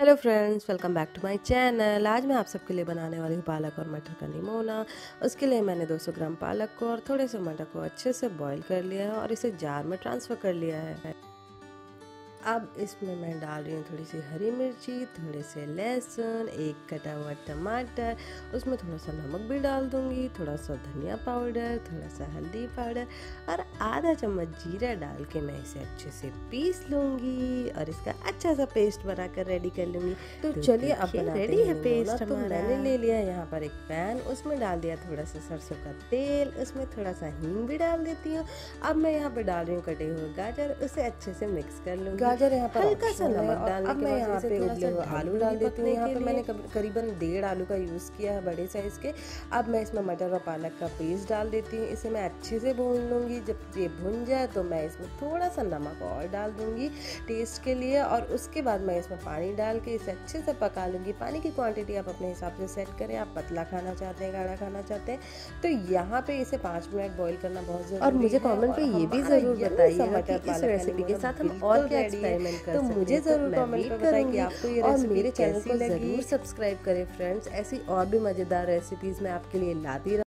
hello friends welcome back to my channel आज मैं आप सबके लिए बनाने वाली हूँ पालक और मटर का निमोना उसके लिए मैंने 200 ग्राम पालक को और थोड़े से मटर को अच्छे से बॉईल कर लिया है और इसे जार में ट्रांसफ़र कर लिया है अब इसमें मैं डाल रही हूँ थोड़ी सी हरी मिर्ची थोड़े से लहसुन एक कटा हुआ टमाटर उसमें थोड़ा सा नमक भी डाल दूँगी थोड़ा सा धनिया पाउडर थोड़ा सा हल्दी पाउडर और आधा चम्मच जीरा डाल के मैं इसे अच्छे से पीस लूँगी और इसका अच्छा सा पेस्ट बनाकर रेडी कर लूँगी तो, तो चलिए अब रेडी है पेस्ट तो मैंने ले लिया यहाँ पर एक पैन उसमें डाल दिया थोड़ा सा सरसों का तेल उसमें थोड़ा सा हींग भी डाल देती हूँ अब मैं यहाँ पर डाल रही हूँ कटे हुए गाजर उसे अच्छे से मिक्स कर लूँगी गाजर यहाँ पर हल्का सा नमक डालने अब मैं यहाँ पे उबले हुए आलू डाल देती हूँ यहाँ पे मैंने करीबन डेढ़ आलू का यूज़ किया है बड़े साइज़ के अब मैं इसमें मटर और पालक का पेस्ट डाल देती हूँ इसे मैं अच्छे से भून लूँगी जब ये भुन जाए तो मैं इसमें थोड़ा सा नमक और डाल दूँगी टेस्ट के लिए और उसके बाद मैं इसमें पानी डाल के इसे अच्छे से पका लूँगी पानी की क्वांटिटी आप अपने हिसाब से सेट करें आप पतला खाना चाहते हैं गाढ़ा खाना चाहते हैं तो यहाँ पे इसे पाँच मिनट बॉईल करना बहुत जरूरी और मुझे कमेंट पे ये भी जरूर बताइए इस रेसिपी के साथ हम और क्या एक्सपेरिमेंट कर तो मुझे ज़रूर कमेंट करें कि आपको ये रेसिपी मेरे चैनल को ज़रूर सब्सक्राइब करें फ्रेंड्स ऐसी और भी मज़ेदार रेसिपीज़ मैं आपके लिए लाती